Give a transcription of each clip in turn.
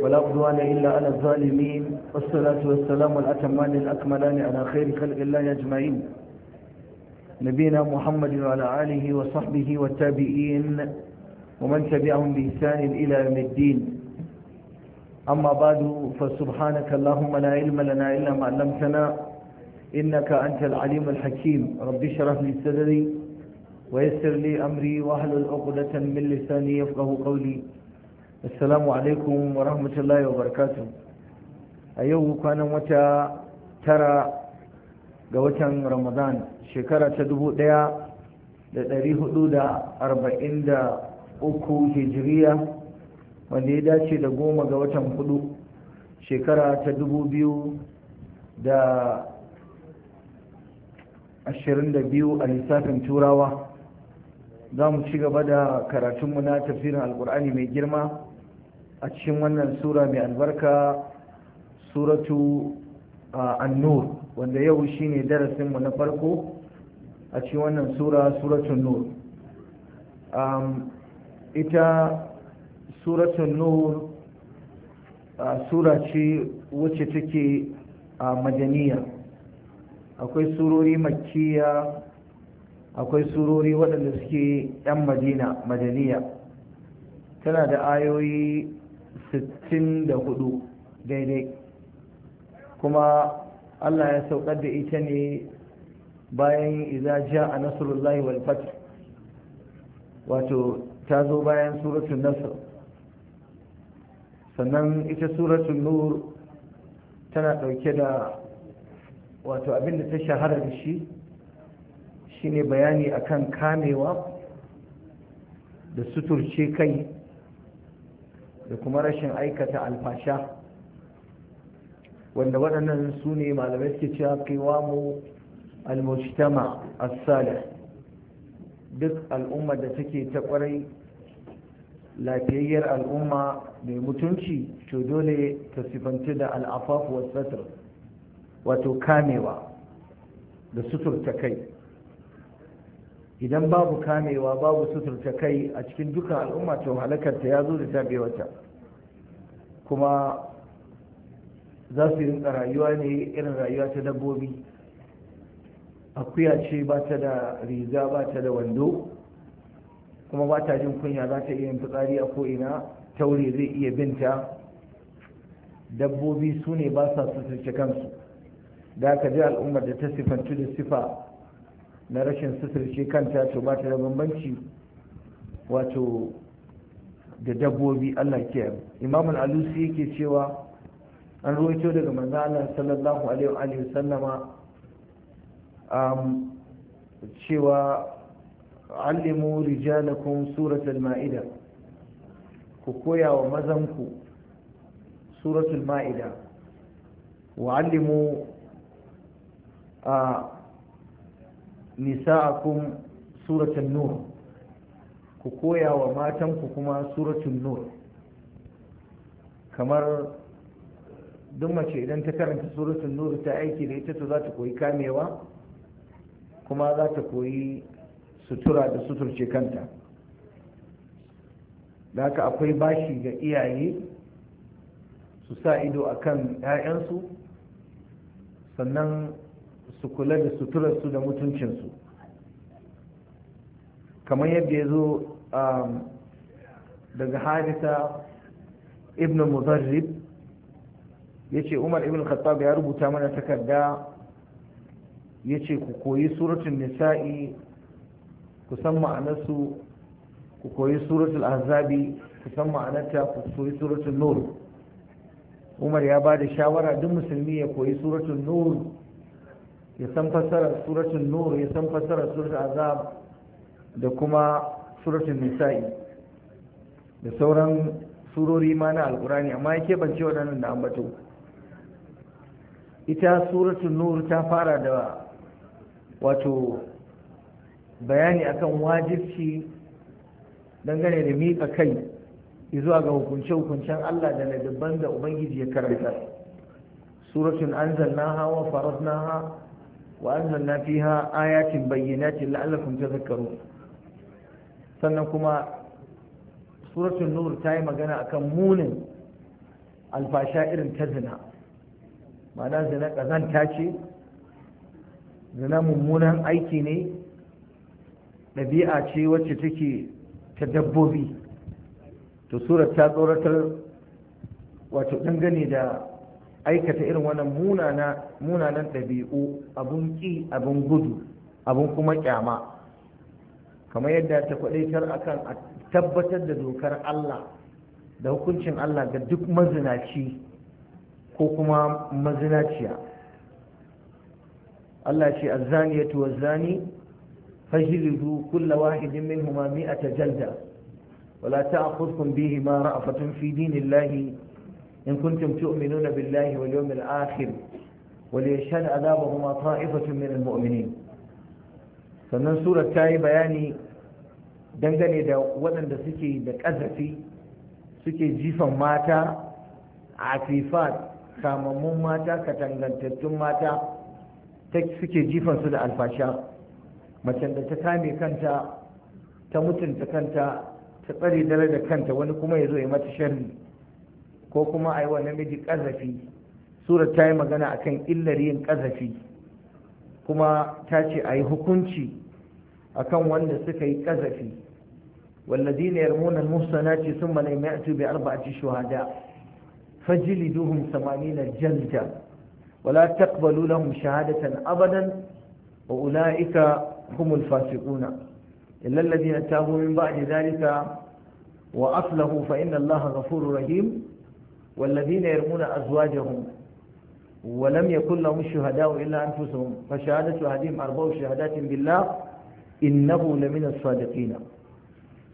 ولا عدوان إلا على الظالمين والصلاة والسلام الأتمان الأكملان على خير خلق الله أجمعين نبينا محمد وعلى آله وصحبه والتابعين ومن تبعهم بإحسان إلى يوم الدين أما بعد فسبحانك اللهم لا علم لنا إلا ما علمتنا إنك أنت العليم الحكيم ربي اشرح لي صدري ويسر لي أمري واحلل عقدة من لساني يفقه قولي assalamu alaikum wa rahmatullahi wa barakatu a yau kwanan wata tara ga watan ramadan shekara ta dubu ɗaya da ɗari hudu da arba'in da uku hijiriya wanda ya dace da goma ga watan hudu shekara ta dubu biyu da ashirin da biyu a lissafin turawa za mu ci gaba da karatunmu na tafsirin alkur'ani mai girma a cikin wannan sura mai albarka suratu annur wanda yau shine darasin mu na farko a cikin wannan sura suratun nur ita suratun nur sura ce wacce take a madaniya akwai surori makkiya akwai surori waɗanda suke 'yan madina madaniya tana da ayoyi 64 daidai kuma Allah ya saukar da ita ne bayan izajiya a nasarullahi wal wato ta zo bayan suratun nasar sannan ita suratun nur tana dauke da wato abinda ta shahara da shi shine bayani akan kamewa da suturce kai da kuma rashin aikata alfasha wanda waɗannan su ne malamai suke cewa qiwamu al-mujtama as-salih duk al'ummar da take ta kwarai lafiyayyar al'umma mai mutunci to dole ta sifanci da al'afafu wasu wato kamewa da suturta kai idan babu kamewa babu suturta kai a cikin duka al'umma to halakarta ya zo da ta tabewarta kuma za su rayuwa ne irin rayuwa ta dabbobi akuya ce ba ta da riga ba ta da wando kuma ba ta jin kunya za ta iya fitsari a ko'ina taure zai iya binta dabbobi su ne ba sa suturta kansu da aka ji al'ummar da ta sifantu da sifa na rashin suturce kanta to ba ta da bambanci wato da dabbobi Allah ke imam al-alusi yake cewa an ruwaito daga manzo Allah sallallahu alaihi wa sallama um cewa allimu rijalakum suratul maida ku koya wa mazanku suratul maida wa allimu a uh, nisa'akum suratul nur ku koya wa ku kuma suratul nur kamar duk mace idan ta karanta suratul nur ta aiki da ita to za ta koyi kamewa kuma za ta koyi sutura da suturce kanta da haka akwai bashi ga iyaye su sa ido akan 'ya'yansu sannan su kula da suturarsu da mutuncinsu kamar yadda ya zo um, daga harita ibn muzarrib ya ce umar ibn khattab ya rubuta mana takarda ya ce ku koyi suratun nisa'i ku san ma'anarsu ku koyi suratul azabi ku san ma'anarta ku koyi suratul nur umar ya ba da shawara duk musulmi ya koyi suratul nur ya san fassarar suratul nur ya san fassarar suratul azab da kuma suratul nisa'i da sauran surori ma na alkurani amma ya keɓance waɗannan da ambato ita suratul nur ta fara da wato bayani akan wajibci dangane da miƙa kai izuwa ga hukunce-hukuncen Allah da ladabban da Ubangiji ya karanta suratul anzalnaha wa faradnaha wa’azanna fi ha ayatin bayyanacin la’allakun ta zakaru sannan kuma suratun nur ta yi magana a kan munin alfasha irin ta zina ma'ana zina ƙazanta ce zina mummunan aiki ne ɗabi'a ce wacce take ta dabbobi to surat ta tsoratar wato ɗangane da aikata irin wannan munana munanan ɗabi'u abun ƙi abun gudu abun kuma kyama kamar yadda ta kwadaitar akan a tabbatar da dokar Allah da hukuncin Allah ga duk mazinaci ko kuma mazinaciya Allah ce azzaniyatu wazzani fajlidu kulla wahidin minhuma mi'ata jalda wala ta'khudhukum bihi ma ra'afatun fi dinillahi إن كنتم تؤمنون بالله واليوم الآخر وليشهد عذابهما طائفة من المؤمنين sannan surar ta yi bayani dangane da waɗanda suke da ƙazafi suke jifan mata afifat kamammun mata katangantattun mata ta suke su da alfasha macen da ta kame kanta ta mutunta kanta ta tsare dare da kanta wani kuma ya zo ya mata sharri ko kuma a yi wa namiji ƙarfafi sura ta yi magana a kan illar yin ƙazafi. kuma ta ce a yi hukunci a kan wanda suka yi ƙarfafi wallazi ne yarmunan musana ce sun mana mai atu bai arba a duhun samani na janja wala taqbalu lahum shahadatan abadan wa ulaika humul fasiquna illal ladina tabu ba ba'di dhalika wa aslahu fa inna allaha ghafurur rahim والذين يرمون أزواجهم ولم يكن لهم الشهداء إلا أنفسهم فشهادة أحدهم أربع شهادات بالله إنه لمن الصادقين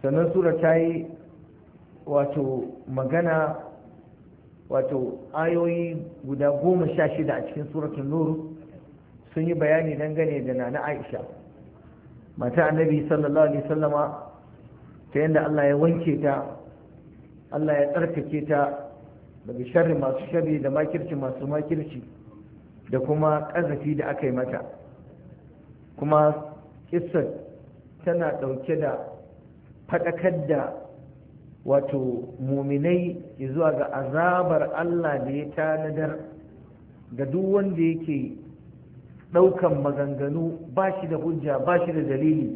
sannan sura ta yi wato magana wato ayoyi guda goma sha shida a cikin suratun nur sun yi bayani dangane da nana aisha mata annabi sallallahu alaihi sallama ta yadda allah ya wanke ta allah ya tsarkake ta daga sharri masu sharri da makirci masu makirci da kuma ƙazafi da aka yi mata kuma kissar tana ɗauke da faɗakar da wato muminai zuwa ga azabar Allah da ya tanadar ga duk wanda yake ɗaukan maganganu ba shi da hujja ba shi da dalili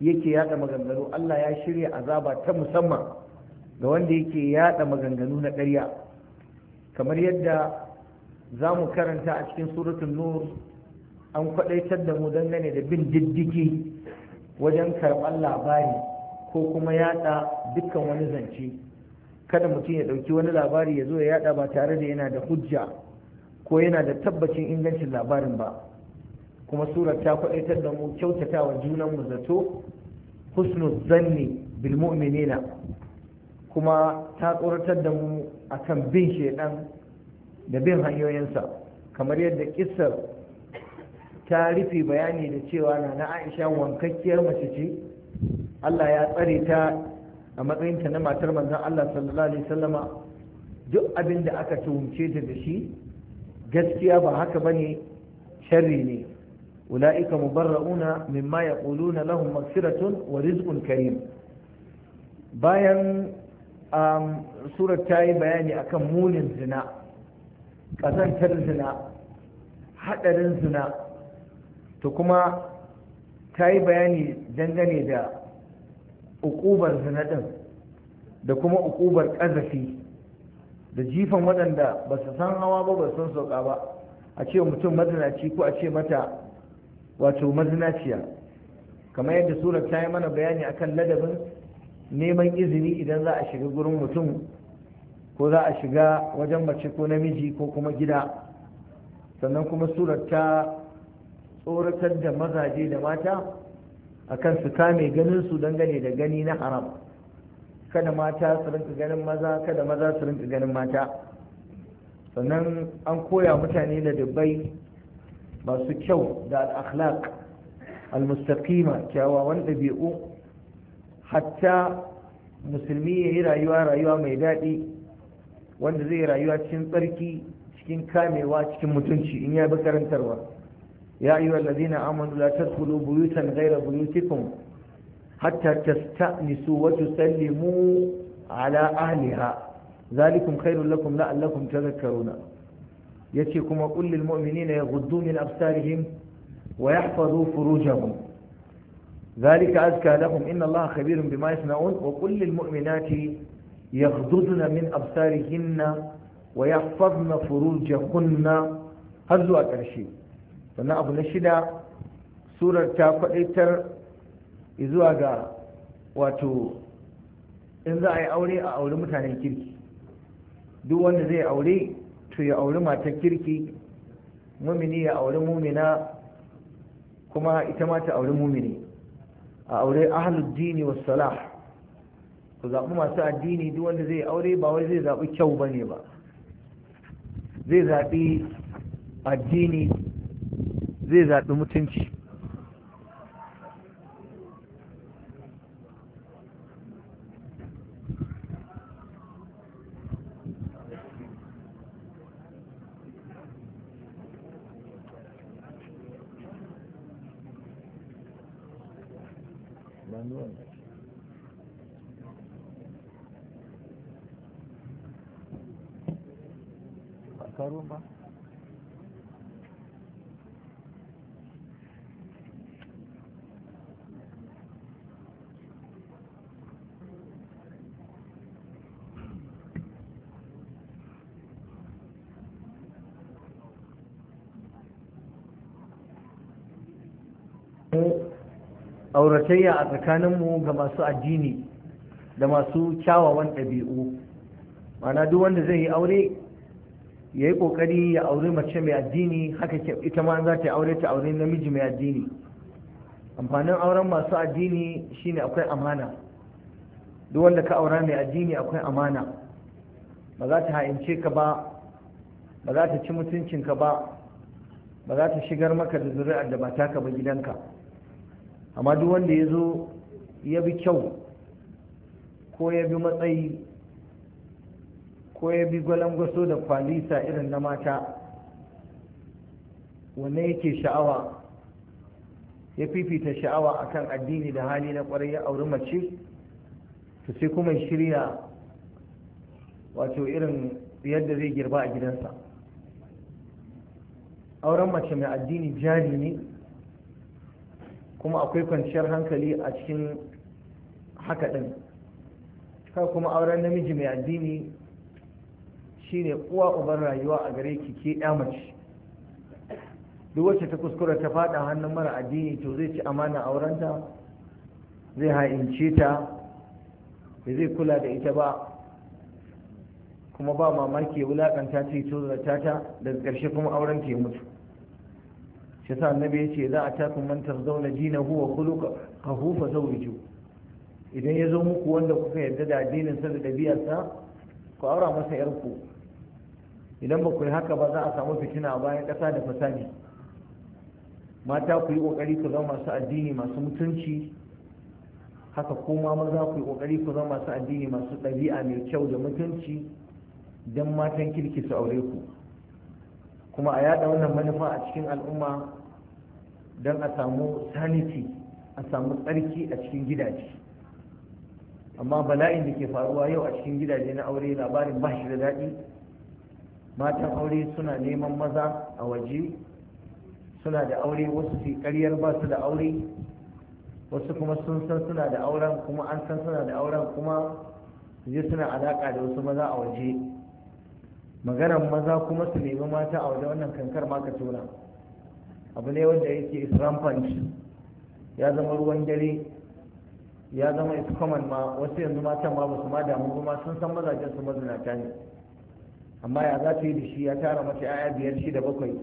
yake yada maganganu Allah ya shirya azaba ta musamman ga wanda yake yada maganganu na ƙarya kamar yadda za mu karanta a cikin suratun nur an kwadaitar da mu dangane da bin diddigi wajen karɓar labari ko kuma yada dukkan wani zance kada mutum ya ɗauki wani labari ya zo ya yada ba tare da yana da hujja ko yana da tabbacin ingancin labarin ba kuma surar ta kwadaitar da mu kyautata wa junan mu zato husnu zanni bil kuma ta tsoratar da mu akan bin shaidan da bin hanyoyinsa kamar yadda kissar ta rufe bayani da cewa na na aisha wankakkiyar mace ce allah ya tsare ta a matsayinta na matar manzan allah sallallahu alaihi wasallama duk abin da aka tuhumce ta da shi gaskiya ba haka bane sharri ne ula'ika mubarra'una mimma yaquluna lahum maghfiratun wa rizqun karim bayan surar ta yi bayani akan munin zina ƙasantar zina haɗarin zina to kuma ta yi bayani dangane da ukubar zina ɗin da kuma ukubar ƙazafi da jifan waɗanda ba su san hawa ba ba san sauka ba a ce mutum mazinaci ko a ce mata wato mazinaciya kamar yadda surar ta yi mana bayani akan ladabin neman izini idan za a shiga gurin mutum ko za a shiga wajen mace ko namiji ko kuma gida sannan kuma surar tsoratar da mazaje da mata a kan su kame ganin su dangane da gani na haram kada mata su rinka ganin maza kada maza su rinka ganin mata sannan an koya mutane da dubbai masu kyau da al'akhlaq al-mustaqima kyawawan ɗabi'u hatta musulmi ya yi rayuwa rayuwa mai daɗi wanda zai rayuwa cikin tsarki cikin kamewa cikin mutunci in ya bi karantarwa ya ayyuha allazina amanu la tadkhulu buyutan gaira buyutikum hatta tasta'nisu wa tusallimu ala ahliha zalikum ta lakum la'allakum tadhakkaruna yace kuma qul lil mu'minina yaghuddu min absarihim wa yahfazu furujahum ذلك أزكى لهم إن الله خبير بما يصنعون وقل للمؤمنات يغضضن من أبصارهن ويحفظن فروجهن har zuwa ƙarshe sannan abu na shida surar faɗaitar kwaɗaitar zuwa ga wato in za a yi aure a auri mutanen kirki duk wanda zai aure to ya auri matar kirki mumini ya auri mumina kuma ita ma ta auri mumini a aure ahlul dini salah ku zaɓi masu addini duk wanda zai aure ba wai zai zaɓi kyau ne ba zai zaɓi addini zai zaɓi mutunci auratayya a tsakaninmu ga masu addini da masu kyawawan ɗabi'u mana duk wanda zai yi aure ya yi ƙoƙari ya aure mace mai addini haka ita ma za ta yi aure ta aure namiji mai addini amfanin auren masu addini shine akwai amana duk wanda ka aura mai addini akwai amana ba za ta ha'ince ka ba ba za ta ci mutuncinka ba ba za ta shigar maka da zuri'ar da ba taka ba gidanka amma duk wanda ya zo ya bi kyau ko ya bi matsayi ko ya bi gwalangwaso da kwalisa irin na mata wanne yake sha'awa ya fifita sha'awa a kan addini da hali na kwarai ya auri mace to sai kuma shirya wato irin yadda zai girba a gidansa auren mace mai addini jari ne kuma akwai kwanciyar hankali a cikin haka ɗin kai kuma auren namiji mai addini shine uwa uban rayuwa a gare ki ke mace duk wacce ta kuskura ta faɗa hannun mara addini to zai ci amana aurenta zai ha'ince ta ba zai kula da ita ba kuma ba mamaki wulakanta ce to ta daga ƙarshe kuma auren ya mutu shi sa annabi ya ce za a taku zauna jina huwa wa khuluqahu fa zawiju idan ya zo muku wanda kuka yarda da addinin sa da ɗabi'arsa ku aura masa yarku idan ba ku yi haka ba za a samu fitina a bayan ƙasa da fasadi mata ku yi ƙoƙari ku zama masu addini masu mutunci haka kuma maza ku yi ƙoƙari ku zama masu addini masu ɗabi'a mai kyau da mutunci don matan kirki su aure ku kuma a yada wannan manufa a cikin al'umma don a samu sanity a samu tsarki a cikin gidaje amma bala'in da ke faruwa yau a cikin gidaje na aure labarin ba shi da daɗi matan aure suna neman maza a waje suna da aure wasu su ƙaryar ba su da aure wasu kuma sun san suna da auren kuma an san suna da auren kuma je suna alaƙa da wasu maza a waje maganar maza kuma su nemi mata a wajen wannan kankar maka tura tona abu ne wanda yake rampant ya zama ruwan dare ya zama is common ma wasu yanzu matan ma ba su ma damu ba ma sun san mazajen su mazinata ne amma ya za ta yi da shi ya tara mata 'ya'ya biyar shi da bakwai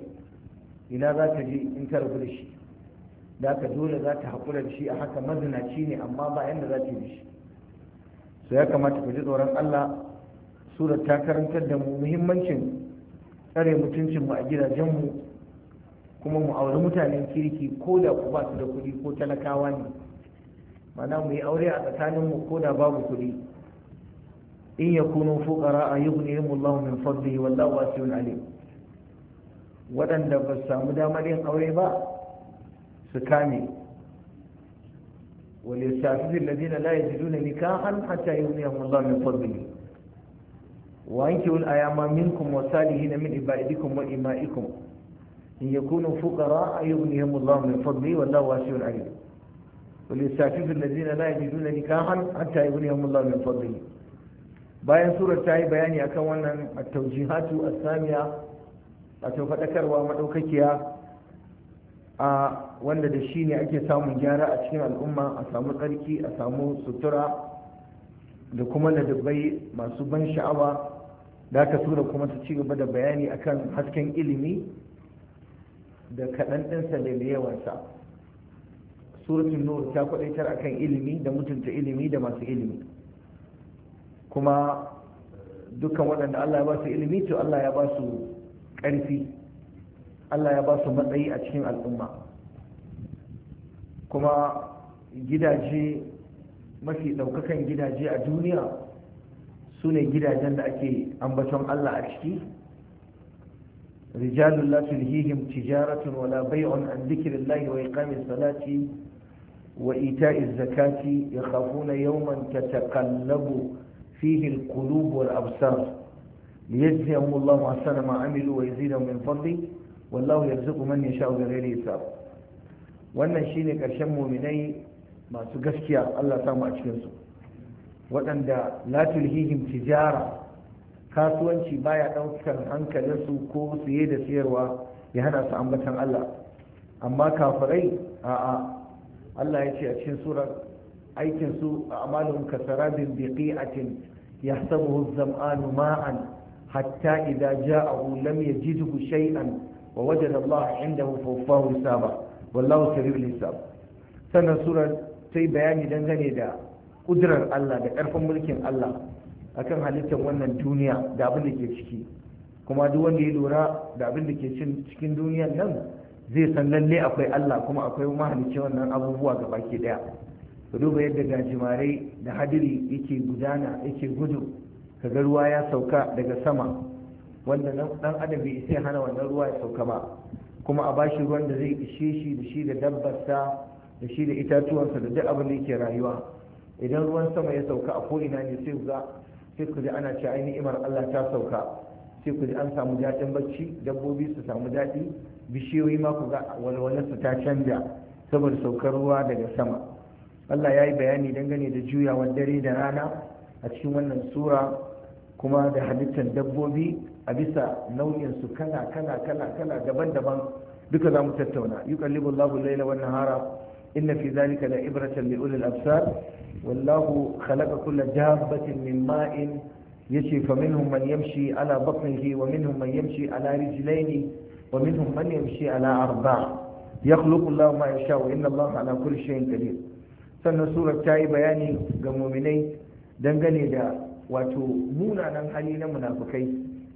ina za ta je in ta rabu da shi da ka dole za ta haƙura da shi a haka mazinaci ne amma ba yadda za ta yi da shi so ya kamata ku ji tsoron Allah surar ta karantar da mu muhimmancin tsare mutuncinmu a gidajenmu kuma mu auri mutanen kirki ko da ku ba su da kuɗi ko talakawa ne mana mu yi aure a tsakaninmu ko da babu kuɗi in ya kuno fukara a yi mu Allah min fadli wallahu wasiun alim waɗanda ba su samu damar yin aure ba su kame wal yastafi alladhina la yajiduna nikahan hatta yughniyahum Allah min fadli وأنكوا الأيام منكم والصالحين من عبادكم وإمائكم إن يكونوا فقراء يغنيهم الله من فضله والله واسع عليم وليستعفف الذين لا يجدون نكاحا حتى يغنيهم الله من فضله bayan surar ta yi bayani akan wannan taujihatu asamiya wato maɗaukakiya a wanda da shi ne ake samun gyara a cikin al'umma a samu tsarki a samu sutura da kuma ladabai masu ban sha'awa da aka tura kuma ta ci gaba da bayani akan hasken ilimi da kaɗan ɗin da yawansa suratun nur ta kwaɗaitar akan ilimi da mutunta ilimi da masu ilimi kuma dukkan waɗanda Allah ya ba su ilimi to Allah ya ba su ƙarfi Allah ya ba su matsayi a cikin al'umma kuma gidaje mafi ɗaukakan gidaje a duniya su ne gidajen da ake ambaton Allah a ciki rijalun la tulhihim tijaratun wala bai'un an dhikrillahi wa iqamis salati wa ita'iz zakati yakhafuna yawman tataqallabu fihi alqulub wal absar liyajziyahum Allahu ahsana ma amilu wa yazidahum min fadli wallahu yarzuqu man yasha'u bighayri hisab wannan shine karshen mu'minai masu gaskiya Allah samu a cikinsu waɗanda la tijara kasuwanci baya ɗaukar hankalinsu ko siye da siyarwa ya hana su ambatan Allah amma kafirai a'a Allah ya ce a cikin surar aikin su a amalin kasarabin biqi'atin ya az-zam'anu ma'an hatta idza ja'ahu lam yajidhu shay'an wa wajada Allah 'indahu fawfahu hisaba wallahu sari'ul hisab sannan surar sai yi bayani dangane da kudurar Allah da karfin mulkin Allah akan halittar wannan duniya da abin da ke ciki kuma duk wanda ya lura da abin da ke cikin duniyan nan zai san lalle akwai Allah kuma akwai mahalicci wannan abubuwa ga baki daya ka duba yadda gajimare da hadiri yake gudana yake gudu kaga ruwa ya sauka daga sama wanda dan adam bai isa hana wannan ruwa ya sauka ba kuma a bashi ruwan da zai ishe shi da shi da dabbarsa da shi da itatuwansa da duk abin da yake rayuwa idan ruwan sama ya sauka a ko'ina ne sai ga sai ku ji ana cewa ni'imar Allah ta sauka sai ku ji an samu daɗin bacci dabbobi su samu daɗi bishiyoyi ma ku ga walwalar su ta canja saboda saukar ruwa daga sama Allah ya yi bayani dangane da juyawar dare da rana a cikin wannan sura kuma da halittar dabbobi a bisa nau'in su kala kala kala kala daban-daban duka za mu tattauna yuqallibu Allahu al-laila wannan nahara إن في ذلك لعبرة لأولي الأبصار والله خلق كل جابة من ماء يشي فمنهم من يمشي على بطنه ومنهم من يمشي على رجلين ومنهم من يمشي على أربع يخلق الله ما يشاء إن الله على كل شيء قدير sannan surar ta yi bayani ga muminai dangane da wato munanan hali na munafukai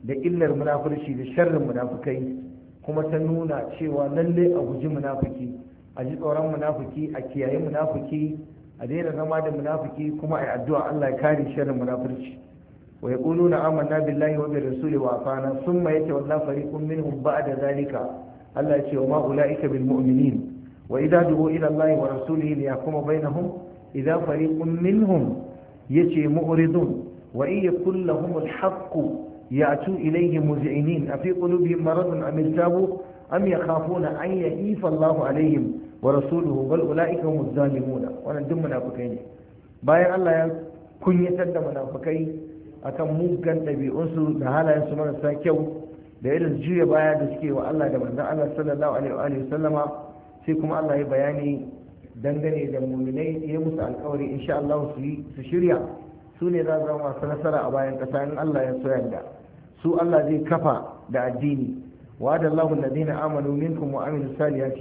da illar munafurci da sharrin munafukai kuma ta nuna cewa lalle a guji munafuki a ji tsoron munafiki a kiyaye munafiki a daina zama da munafiki kuma a yi addu'a Allah ya kare shirin munafurci wa na amanna billahi wa bi rasuli wa afana summa yatawalla fariqun ba'a da zalika Allah ya ce wa ma ulaika bil mu'minin wa idza du'u ila Allah wa rasulihi liyahkuma bainahum idza fariqun minhum yace mu'ridun wa in ya lahum al-haqq ya'tu ilayhi muz'inin afi qulubihim maradun am am yakhafuna an yahifa Allahu alaihim wa rasuluhu bal ulaika hum zalimuna wannan duk munafikai ne bayan Allah ya kunyatar da munafikai akan mugan ɗabi'unsu da halayensu marasa kyau da irin juya baya da suke wa Allah da manzon Allah sallallahu alaihi wa sallama sai kuma Allah ya bayani dangane da muminai ya musu alkawari insha Allah su shirya su ne za zama masu nasara a bayan ƙasa in Allah ya so yadda. su Allah zai kafa da addini وعد الله الذين آمنوا منكم وعملوا الصالحات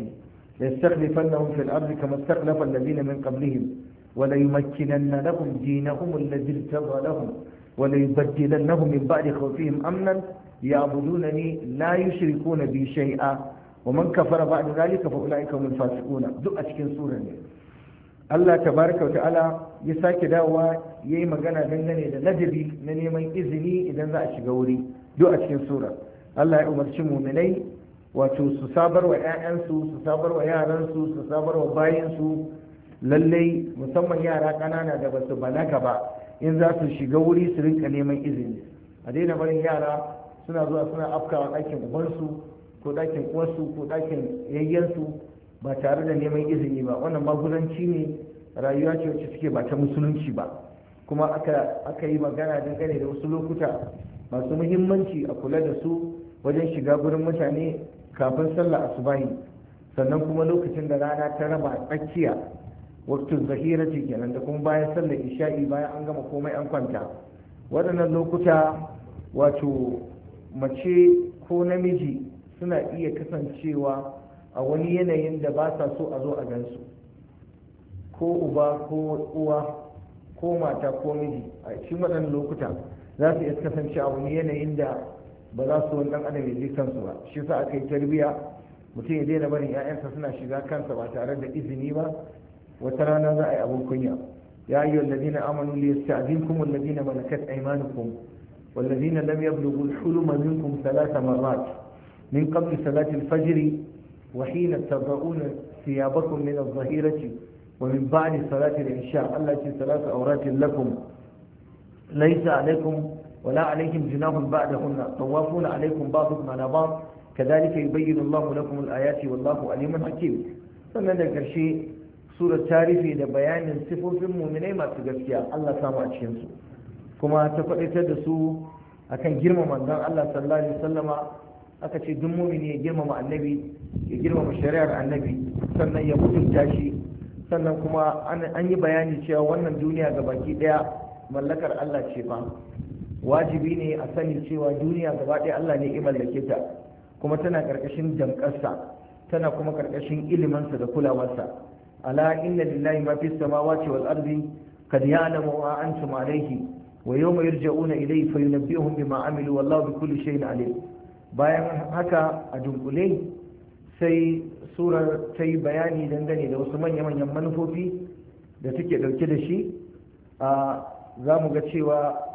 ليستخلفنهم في الأرض كما استخلف الذين من قبلهم وليمكنن لهم دينهم الذي ارتضى لهم وليبدلنهم من بعد خوفهم أمنا يعبدونني لا يشركون بي شيئا ومن كفر بعد ذلك فأولئك هم الفاسقون دؤت كن سورة Allah tabaraka wata'ala ya sake dawowa ya yi magana dangane da ladabi na neman izini idan za a shiga wuri duk a cikin sura Allah ya umarci muminai wato su sabar wa 'ya'yansu su sabar wa yaransu su sabar wa bayansu lallai musamman yara ƙanana da basu balaga ba in za su shiga wuri su rinka neman izini a daina barin yara suna zuwa suna afkawa ɗakin ubansu ko ɗakin uwarsu ko ɗakin yayyansu ba tare da neman izini ba wannan magudanci ne rayuwa ce wacce suke ba ta musulunci ba kuma aka yi magana dangane da wasu lokuta masu muhimmanci a kula da su wajen shiga gurin mutane kafin sallah asubahi sannan kuma lokacin da rana ta raba tsakiya wato zahira ce kenan da kuma bayan sallar isha'i bayan an gama komai an kwanta waɗannan lokuta wato mace ko namiji suna iya kasancewa a wani yanayin da ba sa so a zo a gansu ko uba ko uwa ko mata ko miji a cikin waɗannan lokuta za su iya kasance a wani yanayin da ba za su wani dan adam ya je kansu ba shi sa aka yi tarbiya mutum ya daina barin 'ya'yansa suna shiga kansa ba tare da izini ba wata rana za a yi abin kunya ya ayyu alladhina amanu liyasta'dinkum alladhina malakat aymanukum والذين لم يبلغوا الحلم منكم ثلاث مرات من قبل صلاة الفجر وحين تضعون ثيابكم من الظهيرة ومن بعد صلاة allah التي salatu أورات لكم ليس عليكم ولا عليهم جناح بعدهن طوافون عليكم بعضكم على بعض كذلك يبين الله لكم الآيات والله عليم حكيم sannan da ƙarshe sura tarifi da bayanin sifofin muminai masu gaskiya Allah samu a cikinsu kuma ta faɗaitar da su akan girmama manzon Allah sallallahu alaihi aka ce duk mumini ya girmama annabi ya girmama shari'ar annabi sannan ya mutunta shi sannan kuma an yi bayani cewa wannan duniya ga baki ɗaya mallakar Allah ce fa wajibi ne a sani cewa duniya gaba ɗaya Allah ne ya mallake ta kuma tana karkashin damƙarsa tana kuma karkashin ilimansa da kulawarsa ala inna lillahi ma fi samawati wal ardi kad ya'lamu wa antum alayhi wa yawma yurja'una ilayhi fayunabbi'uhum bima amilu wallahu bi kulli shay'in alim bayan haka a dunkule sai surar ta yi bayani dangane da wasu manya-manyan manufofi da suke dauke da shi a za mu ga cewa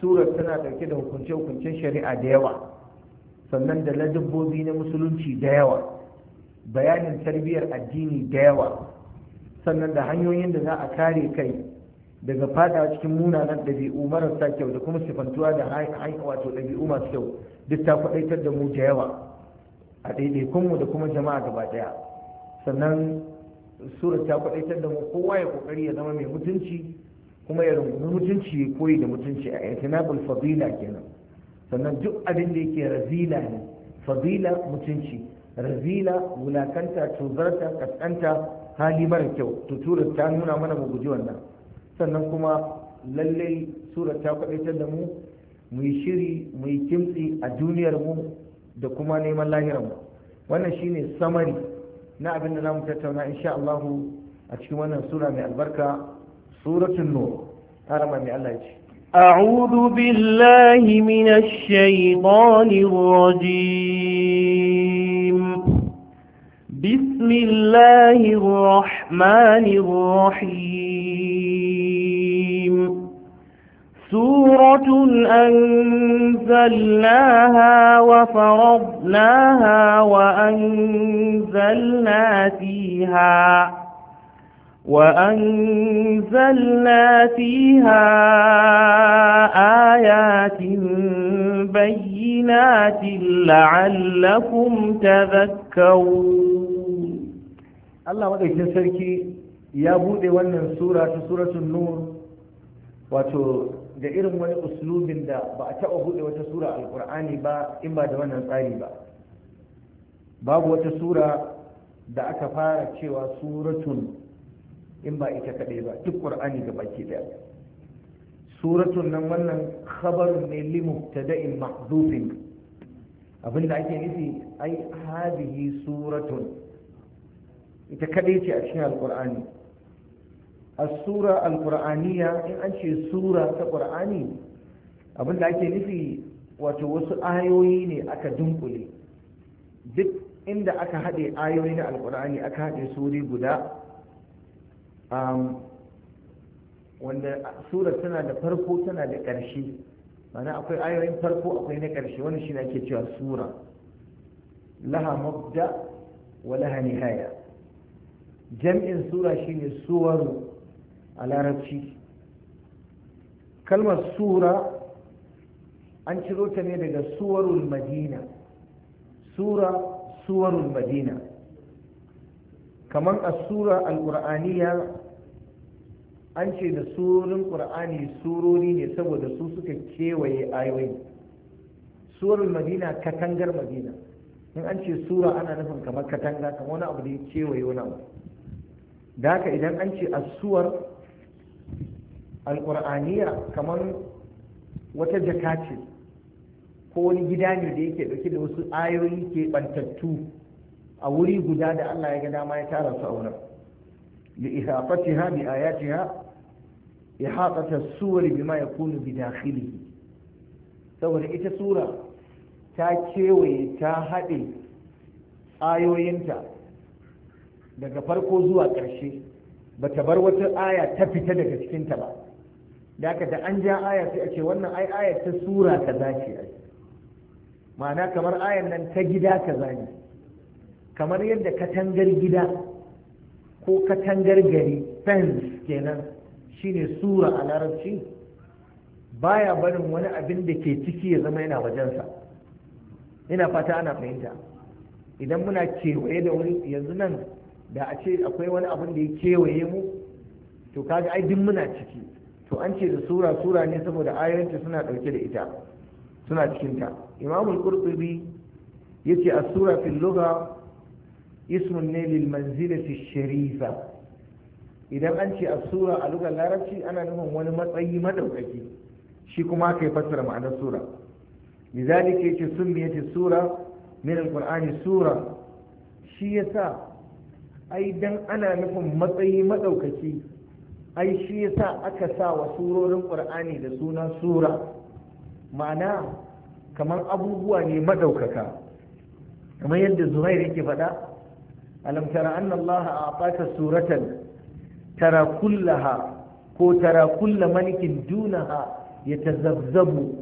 surar tana dauke da hukunce-hukuncen shari'a da yawa sannan da ladabbobi na musulunci da yawa bayanin tarbiyyar addini da yawa sannan da hanyoyin da za a kare kai daga fada cikin munanan ɗabi'u marasa kyau da kuma sifantuwa da wato ɗabi'u masu kyau duk ta kwaɗaitar da mu da yawa a ɗaiɗaikunmu da kuma jama'a gaba ɗaya sannan surar ta kwaɗaitar da mu kowa ya ƙoƙari ya zama mai mutunci kuma ya rungumi mutunci ya koyi da mutunci a itinabul fadila kenan sannan duk abin da yake razila ne fadila mutunci razila wulakanta tuzarta kaskanta hali mara kyau tutura ta nuna mana mu guji wannan sannan kuma lallai sura ta kwadaitar da mu mu yi shiri mu yi kimtsi a duniyar mu da kuma neman lahirar mu wannan shine samari na abin da zamu tattauna insha Allah a cikin wannan sura mai albarka سورة النور أنا ما الله يجي أعوذ بالله من الشيطان الرجيم بسم الله الرحمن الرحيم سورة أنزلناها وفرضناها وأنزلنا فيها وأنزلنا فيها آيات بينات لعلكم تذكرون الله wadda sarki ya buɗe wannan sura ta suratul wato da irin wani uslubin da ba a taɓa buɗe wata sura alƙur'ani ba in ba da wannan tsari ba babu wata sura da aka fara cewa suratun in ba ita kaɗai ba duk ƙur'ani ga baki ɗaya suratun nan wannan khabarun ne li mubtada'in mahdhufin abinda ake nufi ai hadihi suratun ita kaɗai ce a cikin alƙur'ani as-sura alƙur'aniya in an ce sura ta ƙur'ani abinda ake nufi wato wasu ayoyi ne aka dunkule duk inda aka haɗe ayoyi na alƙur'ani aka haɗe suri guda Um, wanda sura tana da farko tana da ƙarshe mana akwai ayoyin farko akwai na ƙarshe wani shi ake cewa sura laha mabda wa laha nihaya jam'in sura shine suwaru a larabci kalmar sura an ciro ta ne daga suwarul madina sura suwarul madina kamar a sura al-qur'aniyya an ce da surorin qur'ani surori ne saboda su suka kewaye ayoyi surar madina katangar madina in an ce sura ana nufin kamar katanga kamar wani abu da ya kewaye wani abu da haka idan an ce asuwar alƙur'aniya kamar wata jaka ce ko wani gida ne da yake dauke da wasu ayoyi ke bantattu a wuri guda da allah ya ga dama ya tara su a wurin لإحاطتها بآياتها إحاطة السور بما يكون بداخله saboda ita sura ta kewaye ta haɗe ayoyinta daga farko zuwa ƙarshe ba ta bar wata aya ta fita daga cikinta ba da aka da an ja aya sai a ce wannan ai aya ta sura ka zace ai ma'ana kamar ayan nan ta gida ka zane kamar yadda katangar gida ko katangar gari fence kenan shine sura a larabci baya barin wani abin da ke ciki ya zama yana wajensa ina fata ana fahimta idan muna kewaye da wani yanzu nan da a ce akwai wani abin da ya kewaye mu to kaga ai duk muna ciki to an ce da sura sura ne saboda ayoyinta suna ɗauke da ita suna cikinta imamul qurtubi yace as-sura fil lugha isrunne lilmanzilati sharifa idan an ce asura a lugar larabci ana nufin wani matsayi madaukaki shi kuma aka yi fassara ma'anar sura misali ke ce sun miyati sura min alqur'ani sura shi yasa ai dan ana nufin matsayi madaukaki ai shi yasa aka sa wa surorin qur'ani da suna sura ma'ana kamar abubuwa ne madaukaka kamar yadda zuhair ke faɗa alam tara anna Allah a'taka suratan tara kullaha ko tara kulla malikin dunaha yatazabzabu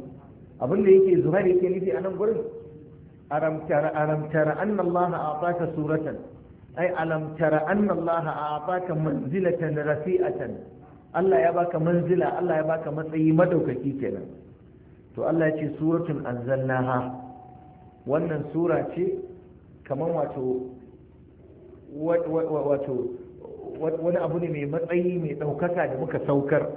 abin da yake zuhari yake nufi anan gurin alam tara alam tara anna Allah a'taka suratan ai alam tara anna Allah a'taka manzilatan rafi'atan Allah ya baka manzila Allah ya baka matsayi madaukaki kenan to Allah ya ce suratul anzalnaha wannan sura ce kamar wato wato wani abu ne mai matsayi mai ɗaukaka da muka saukar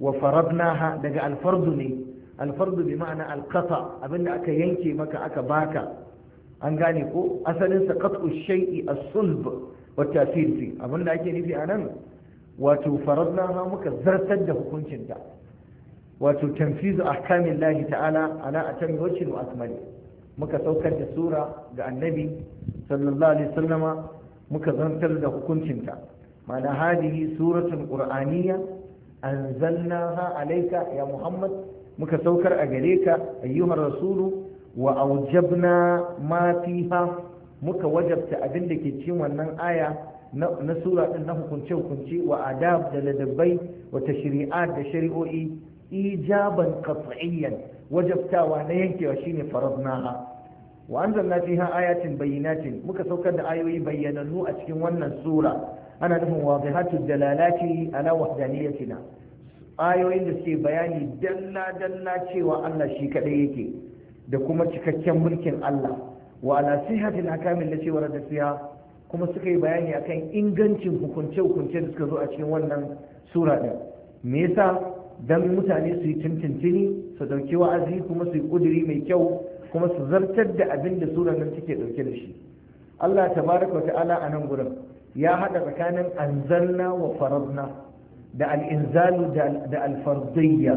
wa faradnaha daga alfardu ne alfardu bi ma'ana alkafa abinda aka yanke maka aka baka an gane ko asalin sa shai'i a sulb wata tafsir abinda ake nufi anan wato faradnaha muka zartar da hukuncin ta wato kamin ahkamillahi ta'ala ala atammi wajhin wa akmali muka saukar da sura ga annabi sallallahu alaihi wasallama muka zantar da hukuncinta mana hadihi suratul qur'aniyya anzalnaha alayka ya muhammad muka saukar a gare ka ayyuhar rasulu wa aujabna ma fiha muka wajabta abin da ke cikin wannan aya na sura din na hukunce hukunci wa adab da ladabai wa tashri'at da shari'o'i ijaban qat'iyyan wajabtawa na yankewa shine faradnaha wa anzalna fiha ayatin bayyinatin muka saukar da ayoyi bayyanannu a cikin wannan sura ana nufin wadihatud dalalati ala wahdaniyatina ayoyin da suke bayani dalla dalla cewa Allah shi kadai yake da kuma cikakken mulkin Allah wa ala sihatil hakamin lati warada fiha kuma suka yi bayani akan ingancin hukunce hukunce da suka zo a cikin wannan sura din me yasa don mutane su yi su ɗauki wa'azi kuma su yi ƙuduri mai kyau kuma su zartar da abin da suran nan take ɗauke da shi Allah tabaraka ta'ala a nan gurin ya haɗa tsakanin anzalna wa faradna da al'inzalu da alfardiyya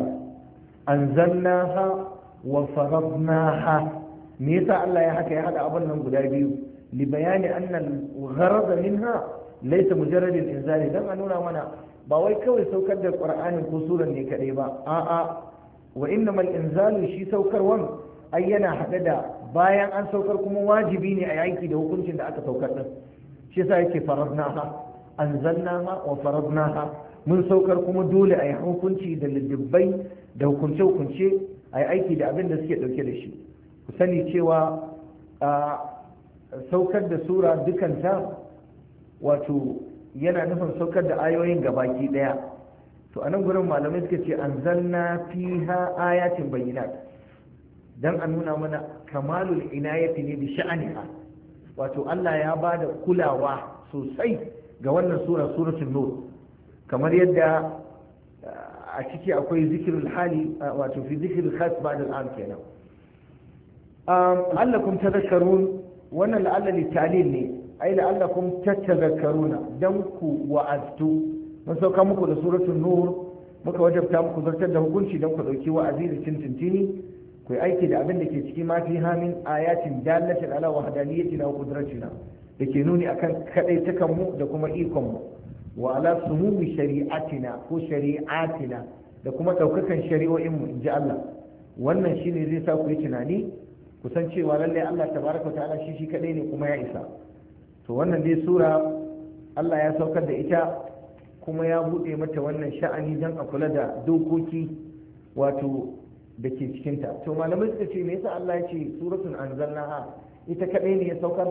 anzalnaha wa faradnaha me yasa Allah ya haka ya haɗa abin nan guda biyu li bayani annal gharada minha laysa mujarrad al-inzali dan a nuna mana ba wai kawai saukar da ƙur'ani ko suran ne kadai ba a'a wa innamal inzalu shi saukarwan ai yana hade da bayan an saukar kuma wajibi ne a aiki da hukuncin da aka saukar din shi yasa yake anzalna ha wa ha mun saukar kuma dole a yi hukunci da lidibbai da hukunce hukunce a aiki da abin da suke dauke da shi ku sani cewa a saukar da sura dukanta wato yana nufin saukar da ayoyin gabaki daya to anan gurin malamai suka ce anzalna fiha ayatin bayyinat dan a nuna mana kamalul inayati ne bi sha'aniha wato Allah ya bada kulawa sosai ga wannan sura suratul nur kamar yadda uh, a ciki akwai zikirul hali uh, wato fi zikirul khas ba'da al'am kenan um allakum tadhakkarun wannan la'alla litalil ne ai la'allakum tatadhakkaruna dan ku wa'aztu mun sauka muku da suratul nur muka wajabta muku zartar da hukunci dan ku dauki wa'azi da tintintini ku aiki da abin da ke cikin ma fi hamin ayatin dallatin ala wahdaniyatina wa qudratina da Dake nuni akan kadai mu da kuma ikon mu wa ala sumumi shari'atina ko shari'atina da kuma daukakan shari'o'in mu inji Allah wannan shine zai sa ku yi tunani ku san cewa lallai Allah tabaraka ta'ala shi shi kadai ne kuma ya isa to wannan dai sura Allah ya saukar da ita kuma ya buɗe mata wannan sha'ani don a kula da dokoki wato da ke cikinta to malamai suka ce me yasa Allah ya ce suratun anzalnaha ita kadai ne ya saukar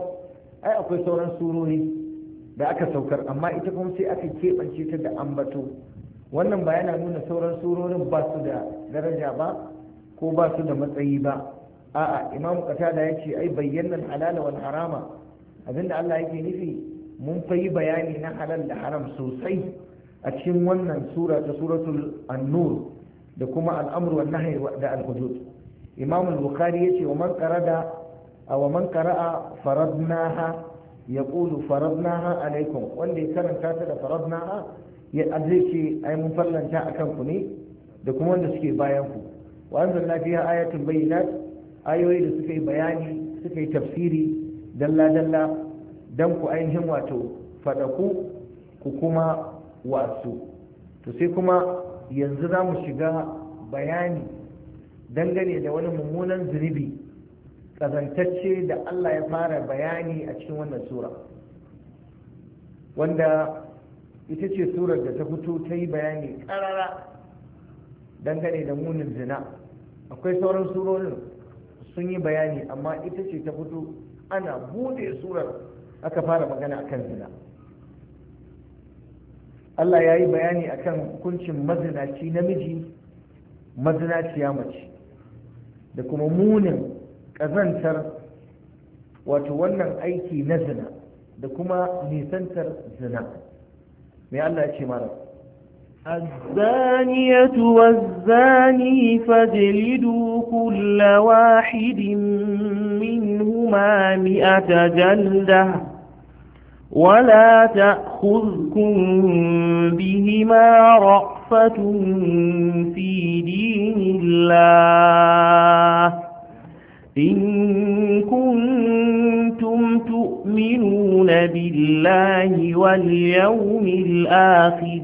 ai akwai sauran surori da aka saukar amma ita kuma sai aka keɓance ta da ambato wannan ba yana nuna sauran surorin ba su da daraja ba ko ba su da matsayi ba a'a imamu qatada ya ce ai bayyanan halala wal harama abinda Allah yake nufi mun fayi bayani na halal da haram sosai a cikin wannan sura ta suratul annur da kuma al'amru wan da al-hudud imam al-bukhari yace wa man qarada aw man qara'a faradnaha yaqulu faradnaha alaykum wanda ya karanta ta da faradnaha ya azai ai mun fallanta akan ku ne da kuma wanda suke bayan ku wa anzalna fiha ayatun bayyinat ayoyi da suke bayani suka yi tafsiri dalla dalla don ku ainihin wato fadaku ku kuma wasu to sai kuma yanzu za mu shiga bayani dangane da wani mummunan zunubi kazantacce da Allah ya fara bayani a cikin wannan sura wanda ita ce surar da ta fito ta yi bayani karara dangane da munin zina akwai sauran surorin sun yi bayani amma ita ce ta fito ana bude surar aka fara magana akan zina Allah ya yi bayani akan hukuncin mazinaci namiji mazinaciya mace da kuma munin ƙazantar wato wannan aiki na zina da kuma nisantar zina mai Allah ya ce mara الزانية والزاني فاجلدوا كل واحد منهما مئة جلدة ولا تأخذكم بهما رأفة في دين الله إن كنتم تؤمنون بالله واليوم الآخر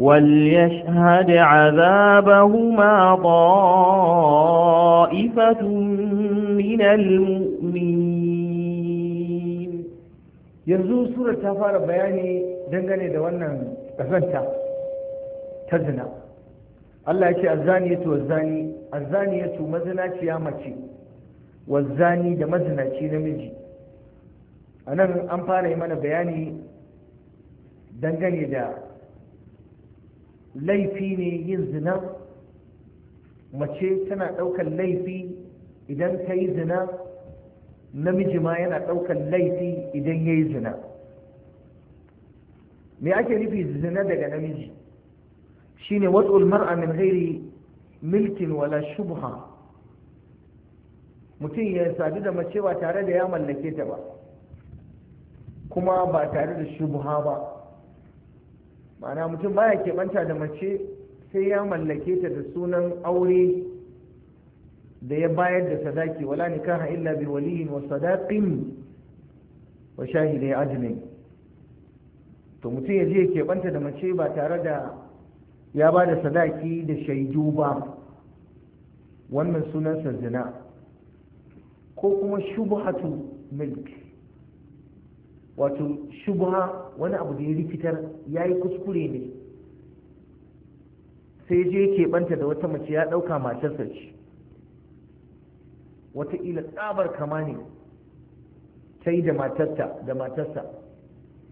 وليشهد عذابهما طائفة من المؤمنين yanzu surar ta fara bayani dangane da wannan ƙazanta ta zina Allah ce azzani wazzani azzani ya mace wazzani da mazinaci namiji a nan an fara yi mana bayani dangane da laifi ne yin zina mace tana ɗaukar laifi idan ta yi zina namiji ma yana ɗaukar laifi idan ya yi zina me ake nufi zina daga namiji shine wasu mar'a min ghairi milkin wala shubha mutum ya sadu da mace ba tare da ya mallake ta ba kuma ba tare da shubha ba ma'ana mutum baya keɓanta da mace sai ya mallake ta da sunan aure da ya bayar da sadaki wala nikaha illa bi waliyin wa sadaqin wa shahidai adlin to mutum ya je ya keɓanta da mace ba tare da ya ba da sadaki da shaidu ba wannan sunansa zina ko kuma shubhatu milk wato shubha wani abu da ya rikitar ya yi kuskure ne sai je keɓanta da wata mace ya ɗauka matarsa ce wataƙila tsabar kama ne ta yi da matarta da matarsa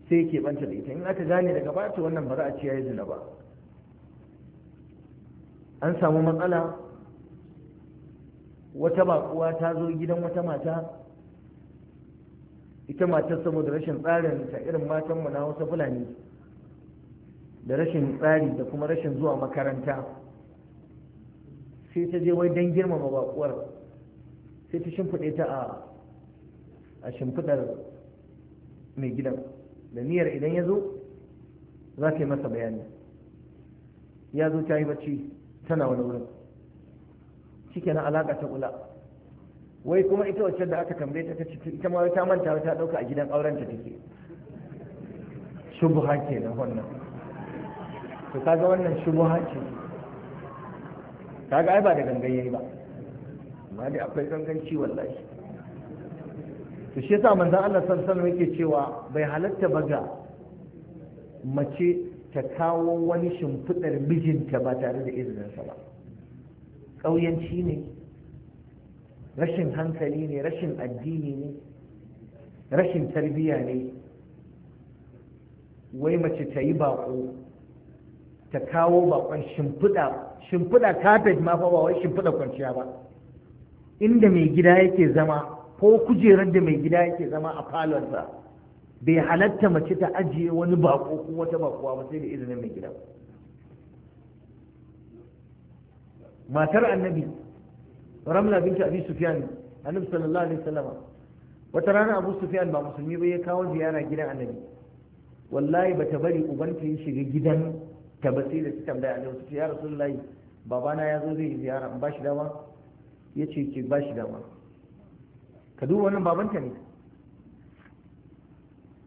sai ya keɓanta da ita in aka gane daga bata ta wannan ba za a ce ya yi zina ba an samu matsala wata baƙuwa ta zo gidan wata mata ita matar saboda rashin tsarin ta irin matan mu na wasu fulani da rashin tsari da kuma rashin zuwa makaranta sai ta je wai don girmama bakuwar sai ta shimfiɗe ta a a shimfiɗar mai gidan da niyyar idan ya zo za ta yi masa bayani ya zo ta yi bacci tana wani wurin Cike na alaƙa ta kula wai kuma ita wacce da aka tambaye ta tace ita ma ta manta ta dauka a gidan auren ta take ke na wannan to kaga wannan shubha ce kaga ai ba da gangan yayi ba amma dai akwai ganganci wallahi to shi yasa manzon Allah sallallahu alaihi wasallam yake cewa bai halatta ba ga mace ta kawo wani shimfidar mijinta ba tare da izininsa ba ƙauyanci ne rashin hankali ne rashin addini ne rashin tarbiyya ne wai mace ta yi bako ta kawo bakon shimfiɗa shimfiɗa kafet ma fa ba wai shimfiɗa kwanciya ba inda mai gida yake zama ko kujerar da mai gida yake zama a falonsa bai halatta mace ta ajiye wani bako ko wata bakuwa ba sai da izinin mai gida matar annabi ramla bin abi sufyan annabi sallallahu alaihi wasallam wata rana abu sufyan ba musulmi ba ya kawo ziyara gidan annabi wallahi bata bari ubanta ya shiga gidan ta basira ta tambaya annabi su ya rasulullahi babana ya zo zai yi ziyara ba shi dama ya ce ki ba shi dama ka duba wannan babanta ne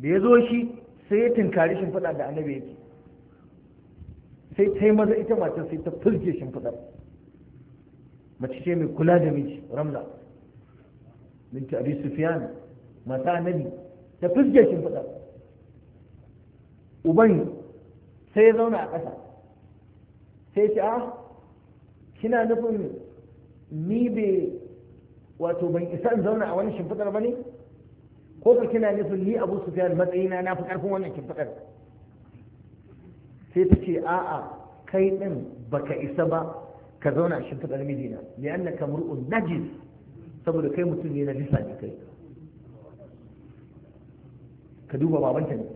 da ya zo shi sai ya tunkari shimfiɗa da annabi yake sai ta yi maza ita matar sai ta fulge shimfiɗar mace ce mai kula da miji ramla minti abi sufyan mata nabi ta fuske shi fada uban sai ya zauna a ƙasa sai ce ah kina nufin ni bai wato ban isa in zauna a wani shimfiɗar ba ne ko ka kina nufin ni abu sufyan matsayina na fi ƙarfin wannan shimfiɗar sai ta ce a'a kai ɗin baka isa ba ka zauna a shimfiɗar mijina li annaka mur'un najis saboda kai mutum ne na lissa ne kai ka duba babanta ne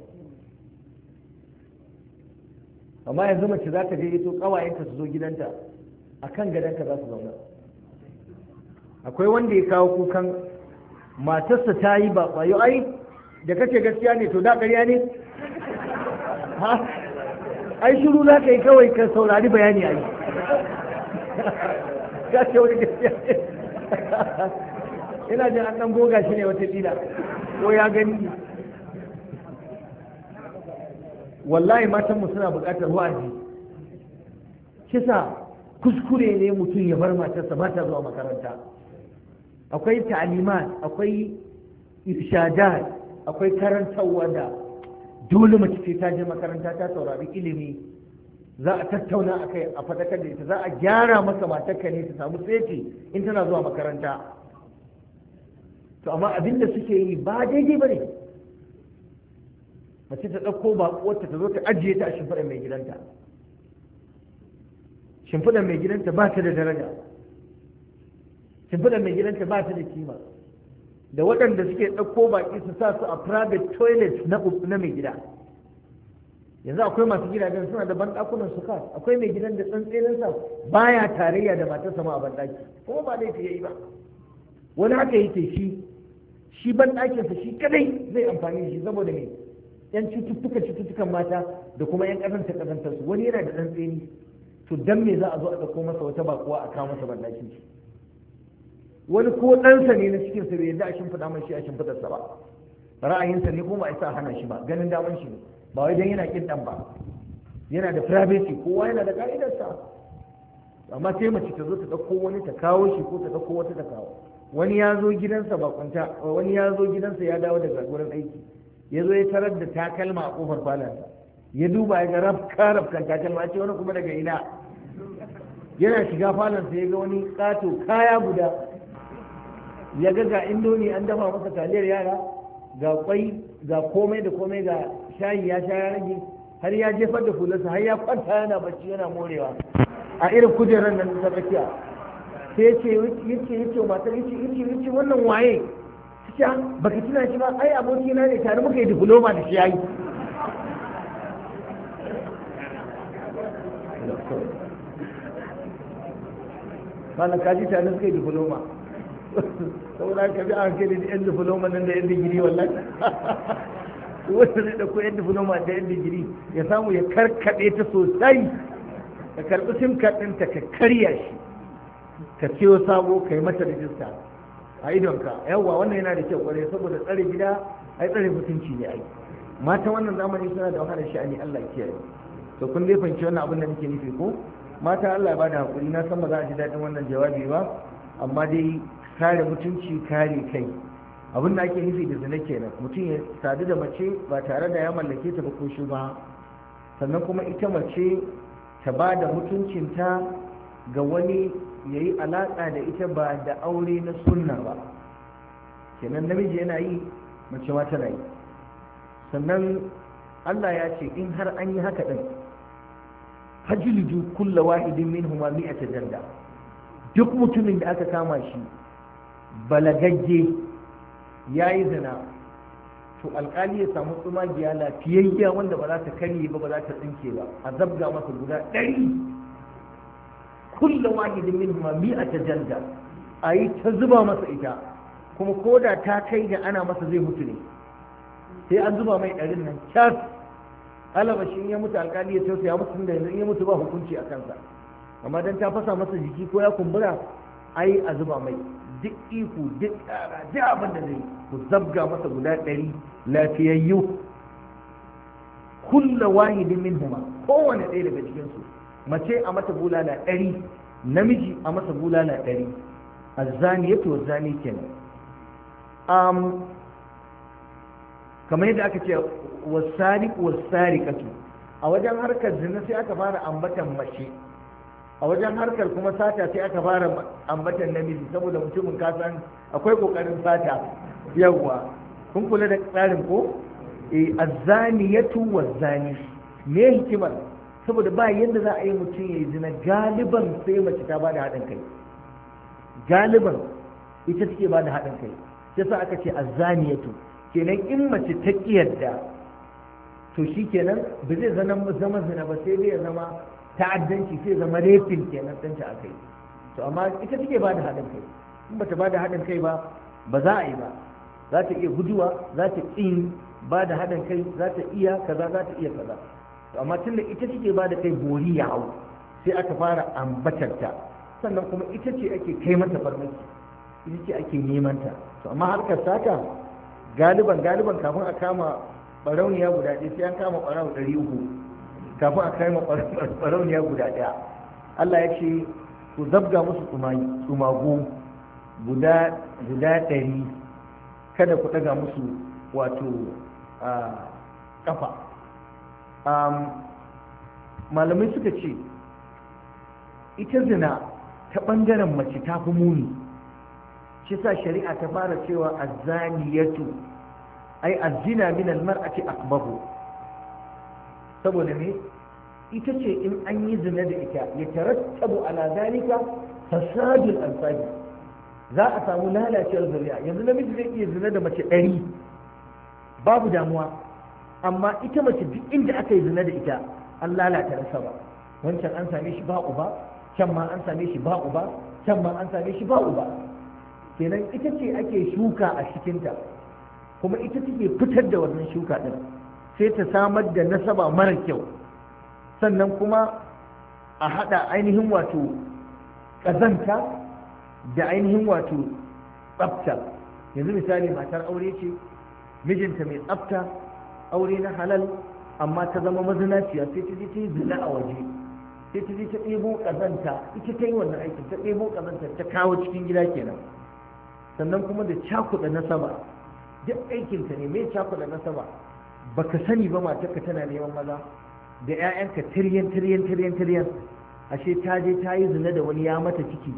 amma yanzu mace za ka je ito ƙawayenka su zo gidanta a kan gadonka za su zauna akwai wanda ya kawo kukan matarsa ta yi ba ƙwayo ai da kake gaskiya ne to da ƙarya ne ai shiru za ka yi kawai ka saurari bayani a yi ka ce wani gaskiya ina jin an dan goga shi ne wata tsila ko ya gani wallahi matan mu suna buƙatar wa'azi kisa kuskure ne mutum ya bar matarsa ba ta zuwa makaranta akwai ta'aliman, akwai irshadar akwai karantarwa da dole mace ce ta je makaranta ta saurari ilimi za a tattauna a kai a fadakar da ita za a gyara masa matarka ne ta samu tsefi in tana zuwa makaranta to amma abin da suke yi ba daidai ba ne mace ta ɗauko wata ta zo ta ajiye ta a shimfiɗar mai gidanta shimfiɗar mai gidanta ba ta da daraja shimfiɗar mai gidanta ba ta da kima da waɗanda suke ɗauko baƙi su sa su a private toilet na mai gida yanzu akwai masu gidajen suna da banɗakunan su kas akwai mai gidan da tsantsenin sa baya tarayya da matar sama a banɗaki kuma ba laifi yi ba wani haka yake shi shi banɗakin sa shi kadai zai amfani shi saboda me yan cututtuka cututtukan mata da kuma yan kazanta kazantar su wani yana da tsantseni to dan me za a zo a dauko masa wata bakuwa a kawo masa banɗakin shi wani ko ɗansa ne na cikin sa bai yarda a shimfiɗa mai shi a shimfiɗarsa ba ra'ayinsa ne kuma ba a sa hana shi ba ganin daman shi ne ba wai dan yana kin dan ba yana da privacy kowa yana da ka'idarsa amma sai mace ta zo ta dauko wani ta kawo shi ko ta dauko wata ta kawo wani ya zo gidansa ba kwanta wani ya zo gidansa ya dawo daga gurin aiki ya zo ya tarar da takalma a kofar falonsa ya duba ya ga rafka rafkan takalma ce wani kuma daga ina yana shiga falonsa ya ga wani kato kaya guda ya ga ga indomi an dafa masa taliyar yara ga kwai ga komai da komai ga shayi ya sha ya rage har ya jefar da hularsa har ya kwanta yana bacci yana morewa a irin kujerar nan ta tsakiya sai ya ce yace yace matar yace yace yace wannan waye ta ah, baka tuna shi ba ai aboki na ne tare muka yi diploma da shayi yayi mana kaji tare suka yi diploma saboda ka bi an kai da yan diploma nan da yan digiri wallahi wanda zai ɗauko yadda noma da yadda digiri ya samu ya karkaɗe ta sosai ka karɓi sim kaɗin ta ka karya shi ka ciyo sabo ka yi mata rijista a idonka yawwa wannan yana da kyau kwarai saboda tsare gida a yi tsare mutunci ne ai mata wannan zamani suna da wahalar sha'ani Allah kiyaye to kun dai fanci wannan abin da nake nufi ko mata Allah ba da hakuri na san ba za a ji daɗin wannan jawabi ba amma dai kare mutunci kare kai abin da ake nufi da zina kenan mutum ya sadu da mace ba tare da ya mallake ta ba ko shi ba sannan kuma ita mace ta ba da mutuncinta ga wani ya yi alaƙa da ita ba da aure na sunna ba kenan namiji yana yi mace ma tana yi sannan allah ya ce in har an yi haka ɗin fajilju kulla wahidin min huma mi'ata danda duk mutumin da aka kama shi balagagge ya yi zina to alƙali ya samu tsumagiya lafiyayya wanda ba za ta karye ba ba za ta tsinke ba a zabga masa guda ɗari kulla wahidin min ma mi a ta a yi ta zuba masa ita kuma ko da ta kai da ana masa zai mutu ne sai an zuba mai ɗarin nan cas Alama shi ya mutu alƙali ya tausaya mutu da yanzu ya mutu ba hukunci a kansa amma dan ta fasa masa jiki ko ya kumbura ai a zuba mai duk iko duk tsara duk abin da zai ku zabga masa guda ɗari lafiyayyu kulla wahidin min huma kowane ɗaya daga cikinsu mace a mata bulala ɗari namiji a masa bulala ɗari azzani ya to zani kenan um, kamar yadda aka ce wasari wasari a wajen harkar zina sai aka fara ambatan mace a wajen harkar kuma sata sai aka fara ambatan namiji saboda mutumin kasan akwai kokarin sata yawwa kun kula da tsarin ko eh tuwa zani me hikimar saboda ba yadda za a yi mutum ya yi zina galiban sai mace ta bada haɗin kai galiban ita take bada haɗin kai sai sa aka ce azzaniyatu kenan in mace ta kiyarda to shi kenan, ba zai zama zama zina ba sai dai ya zama ta'addanci sai zama ke kenan tanci a kai to amma ita take ba da haɗin kai in bata ba da haɗin kai ba ba za a yi ba za ta iya guduwa za ta ƙin ba da haɗin kai za ta iya kaza za ta iya kaza to amma tunda ita take ba da kai bori ya hau sai aka fara ambatarta sannan kuma ita ce ake kai mata farmaki ita ce ake neman ta to amma harkar sata galiban galiban kafin a kama barauniya guda ɗaya sai an kama barau ɗari uku kafin a kai ya guda ɗaya Allah ya ce ku zabga musu tsumago guda ɗari kada ku ɗaga musu wato ƙafa malamai suka ce ita zina ta ɓangaren mace ta fi muni shi sa shari'a ta fara cewa azzaniyatu ai azzina min almar'ati akbaru saboda ne ita ce in an yi zina da ita ya tarattabu ala zalika fasadul alfaji za a samu lalacewar zuriya yanzu namiji zai iya zina da mace ɗari babu damuwa amma ita mace duk inda aka yi zina da ita an lalata rasa ba wancan an same shi ba uba can ma an same shi ba uba can ma an same shi ba uba kenan ita ce ake shuka a cikinta kuma ita take fitar da wannan shuka ɗin. sai ta samar da nasaba mara kyau sannan kuma a haɗa ainihin wato ƙazanta da ainihin wato tsafta yanzu misali matar aure ce mijinta mai tsafta aure na halal amma ta zama mazinaciya sai ta je ta yi zina a waje sai ta je ɗebo ƙazanta ita ta yi wannan aikin ta ɗebo ƙazanta ta kawo cikin gida kenan sannan kuma da cakuɗa nasaba duk aikinta ne mai cakuɗa nasaba baka sani ba matarka tana neman maza da 'ya'yanka tiryan tiryan tiryan tiryan ashe ta je ta yi zina da wani ya mata ciki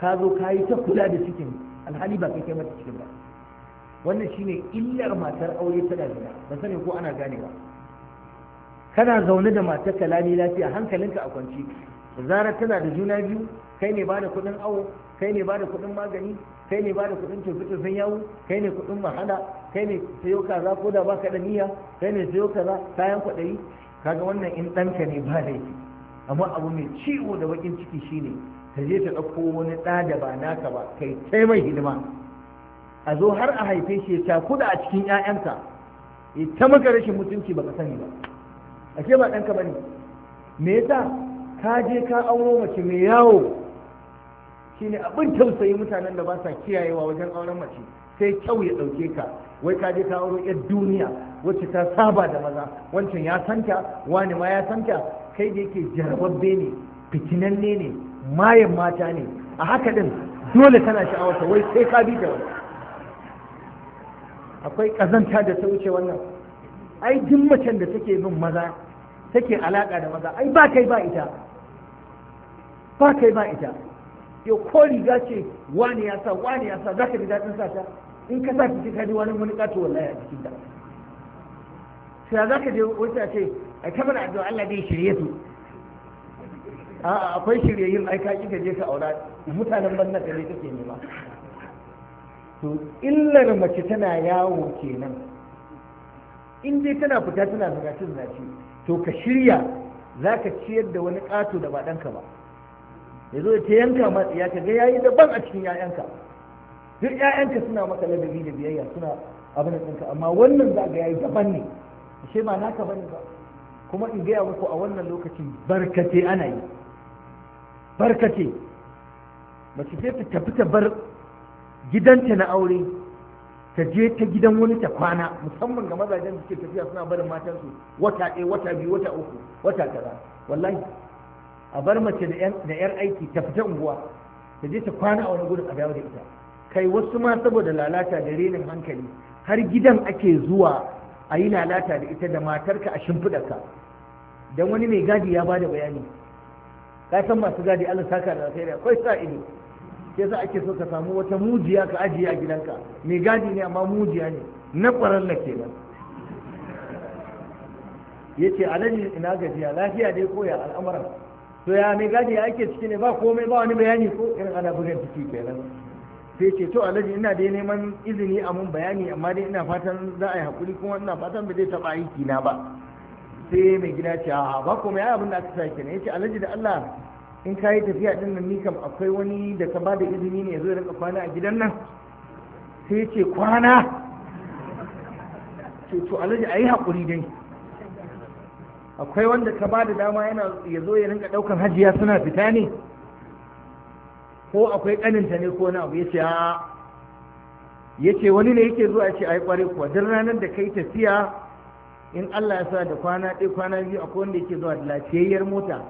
ka zo ka yi ta kula da cikin alhali ba kai mata cikin ba wannan shine illar matar aure tana zina ba sani ko ana ganewa kana zaune da matar ka lami lafiya hankalinka a kwanci zarar tana da juna biyu kai ne bada kuɗin awo kai ne bada kuɗin magani kai ne bada kuɗin tofe-tofen yawo kai ne kuɗin mahala? kai ne sayo kaza ko da baka da niyya kai ne sayo kaza kayan kwaɗayi kaga wannan in ɗanka ne ba laifi amma abu mai ciwo da bakin ciki shine ka je ta ɗauko wani ɗa da ba naka ba kai kai mai hidima a zo har a haife shi ya kuda a cikin 'ya'yanka ya ta maka rashin mutunci baka sani ba ashe ba ɗanka ba ne me yasa ka je ka auro mace mai yawo shine abin tausayi mutanen da ba sa kiyayewa wajen auren mace sai kyau ya ɗauke ka wai ka je ka auro yar duniya wacce ta saba da maza wancan ya santa wani ma ya santa kai da yake jarababbe ne fitinanne ne mayan mata ne a haka din dole tana sha'awarta wai sai ka bi da wani akwai ƙazanta da ta wuce wannan ai duk macen da take bin maza take alaka da maza ai ba kai ba ita ba kai ba ita yau ko riga ce wani ya sa wani ya sa za ka ji daɗin sa ta in ka sa ciki ka ji wani wani kato wallahi a cikin ta sai za ka je wata ce a ta mana addu'a Allah zai shirye su a'a akwai shiryayyun ai ka kika je ka aura mutanen banna ne kake nema to illar mace tana yawo kenan in dai tana fita tana cin zagaci to ka shirya za ka ciyar da wani ƙato da ba ɗanka ba ya zo ta yanka ma ya ka ga yayi daban a cikin 'ya'yanka duk ƴaƴanka suna maka ladabi da biyayya suna abin da ɗinka amma wannan za ga yayi daban ne ashe ba naka bane ba kuma in gaya muku a wannan lokacin barkate ana yi barkate mace ce ta tafi ta bar gidanta na aure ta je ta gidan wani ta kwana musamman ga mazajen da ke tafiya suna barin matansu wata ɗaya wata biyu wata uku wata tara wallahi a bar mace da yar aiki ta fita unguwa ta je ta kwana a wani gudun a dawo da ita kai wasu ma saboda lalata da renin hankali har gidan ake zuwa a yi lalata da ita da matarka a shimfiɗa ka. don wani mai gadi ya bada bayani ka san masu gadi Allah saka da alkhairi akwai sa ido sai sa ake so ka samu wata mujiya ka ajiye a gidanka mai gadi ne amma mujiya ne na ƙwararra kenan ya ce alaji ina gajiya lafiya dai koya al'amuran to ya mai gadi ya ake ciki ne ba komai ba wani bayani ko irin ana bugan ciki kenan sai ce to alhaji ina dai neman izini a mun bayani amma dai ina fatan za a yi hakuri kuma ina fatan ba zai taɓa aiki na ba sai mai gida ce a ba ko mai abin da aka sa Ya yace alhaji da Allah in ka yi tafiya din nan ni kam akwai wani da ka ba da izini ne ya zo rinka kwana a gidan nan sai ce kwana ce to alhaji a yi haƙuri dai akwai wanda ka ba da dama yana ya zo ya rinka ɗaukan hajiya suna fita ne ko akwai ƙaninta ne ko na abu ya ce ya ce wani ne yake zuwa ce yi kware kuwa duk ranar da kai tafiya in Allah ya sa da kwana ɗaya kwana biyu akwai wanda yake zuwa da lafiyayyar mota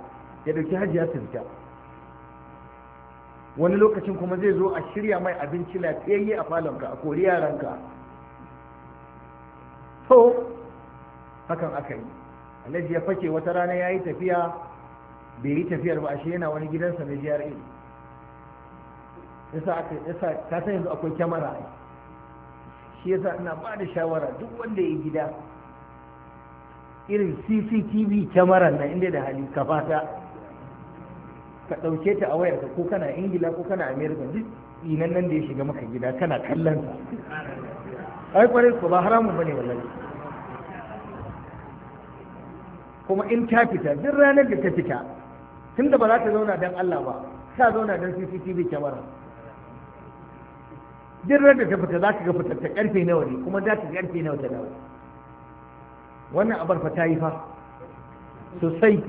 ya ɗauki hajiya ya wani lokacin kuma zai zo a shirya mai abinci lafiyayye a falonka a kori yaranka to hakan aka yi alhaji ya fake wata rana ya yi tafiya bai yi tafiyar ba ashe yana wani gidansa na GRA yasa yasa ka san yanzu akwai kyamara ai shi yasa ina ba da shawara duk wanda ya gida irin cctv kyamara na inda da hali ka fata ka ɗauke ta a wayarka ko kana ingila ko kana america duk inan nan da ya shiga maka gida kana kallon sa ai kwarai ko ba haramun bane wallahi kuma in ta fita duk ranar da ta fita tunda ba za ta zauna dan Allah ba ta zauna dan CCTV kyamara duk da ta fita za ka ga fitar ta karfe nawa ne kuma za ta karfe nawa ta dawo wannan abar fa ta yi fa sosai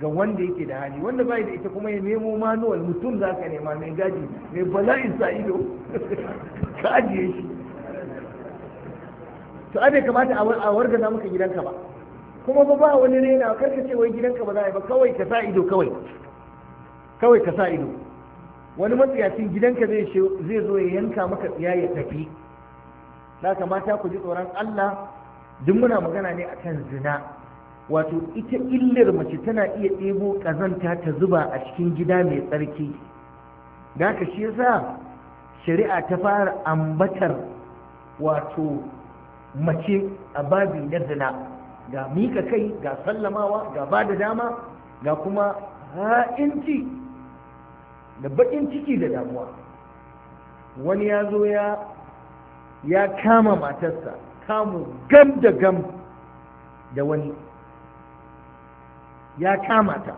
ga wanda yake da hali wanda bai da ita kuma ya nemo manuwal mutum za ka nema mai gaji mai bala'in sa ido ka ajiye shi to a kamata a wargaza muka gidanka ba kuma ba ba wani raina karka ce wai gidanka ba za a yi ba kawai ka sa ido kawai kawai ka sa ido wani matsiyacin gidanka zai zo ya yanka maka tsiya ya tafi ka kamata ku ji tsoron Allah duk muna magana ne a kan zina wato ita illar mace tana iya ɗebo ƙazanta ta zuba a cikin gida mai tsarki da haka shi yasa shari'a ta fara ambatar wato mace a babi na zina ga mika kai ga sallamawa ga ba da dama ga kuma ha'inci da baƙin ciki da damuwa wani ya zo ya kama matarsa kamu gam da gam da wani ya kama ta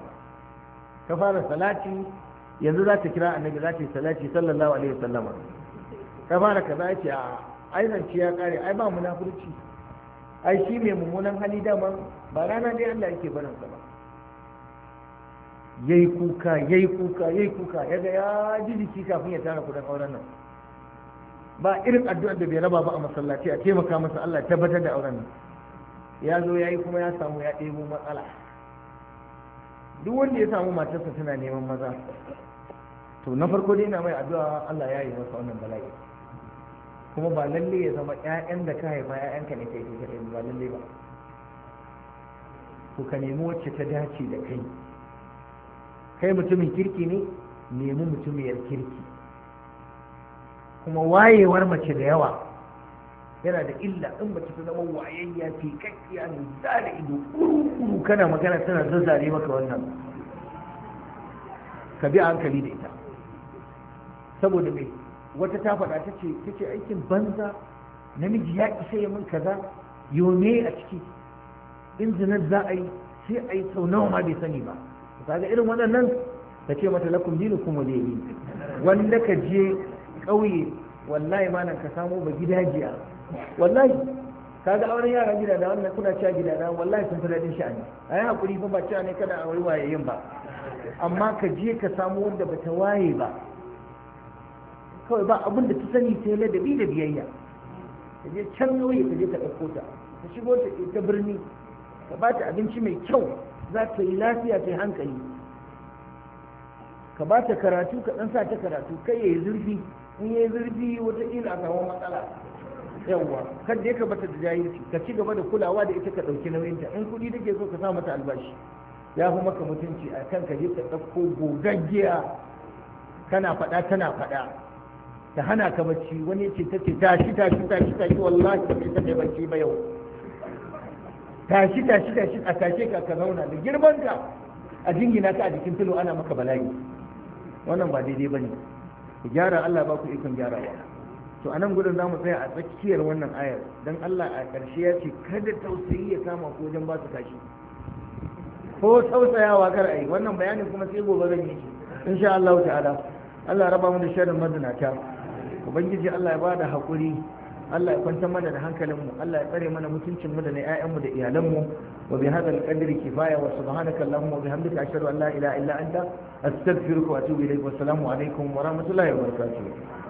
ta fara salati yanzu za ta kira annabi za ta yi salati sallallahu alaihi wasallama ta fara ka za ce a ainihin ya kare ai ba munafurci ai shi mai mummunan hali dama ba rana dai Allah yake barin sa ba yayi kuka yayi kuka yayi kuka ga ya ji jiki kafin ya tara kudin auren nan ba irin addu'ar da bai raba ba a masallaci a taimaka masa Allah tabbatar da auren nan ya zo yayi kuma ya samu ya ɗebo matsala duk wanda ya samu matarsa tana neman maza to na farko dai ina mai addu'a Allah ya yi masa wannan bala'i kuma ba lalle ya zama ƴaƴan da ka haifa ka ne kai kai ba lalle ba Ku ka nemi wacce ta dace da kai kai mutumin kirki ne nemi mutumiyar kirki kuma wayewar mace da yawa yana da illa in mace ta zama wayayya fi kakkiya ne za da ido kuru-kuru kana magana tana zazzare maka wannan ka bi hankali da ita saboda mai wata ta faɗa ta ce ta ce aikin banza namiji ya isa ya min kaza yome a ciki in za a yi sai a yi sau nawa ma bai sani ba kaga irin waɗannan ka ce mata lakum kuma yi. wanda ka je ƙauye wallahi malam ka samo ba gidajiya wallahi kaga auren yara gida da wannan kuna cewa gida da wallahi sun fi daɗin sha'ani a yi haƙuri fa ba cewa ne kada a wai yin ba amma ka je ka samu wanda ba ta waye ba kawai ba abin da ta sani sai ladabi da biyayya ka je can ƙauye ka je ka ɗauko ta ka shigo ta birni ka ba ta abinci mai kyau za ta yi lafiya ta hankali ka ba ta karatu ka ɗan sa ta karatu kai ya yi zurfi in ya yi zurfi wataƙila a samu matsala yawwa kan da ka bata da jahilci ka ci gaba da kulawa da ita ka ɗauki nauyinta in kuɗi take so ka sa mata albashi ya fi maka mutunci a kan ka je ka ɗauko gogaggiya kana faɗa tana faɗa ta hana ka bacci wani ce ta ce tashi tashi tashi tashi wallahi ba ta bacci ba yau tashi tashi tashi a tashe ka ka zauna da girman ka a jingina ka a jikin tulo ana maka bala'i wannan ba daidai bane ku gyara Allah ba ku ikon gyarawa to a nan gudun za mu tsaya a tsakiyar wannan ayar don Allah a ƙarshe ya ce kada tausayi ya kama ko wajen ba su tashi ko tausayawa kar a yi wannan bayanin kuma sai gobe zan yi insha Allah ta'ala Allah raba mu da sharrin madunata ubangiji Allah ya bada hakuri Allah ya kwantar mana da hankalinmu Allah ya tsare mana mutuncinmu da na 'ya'yanmu da iyalanmu wa bi hadal qadri kifaya wa subhanaka allahumma wa bihamdika ashhadu an la ilaha illa anta astaghfiruka wa atubu ilayk wa assalamu alaikum wa rahmatullahi wa barakatuh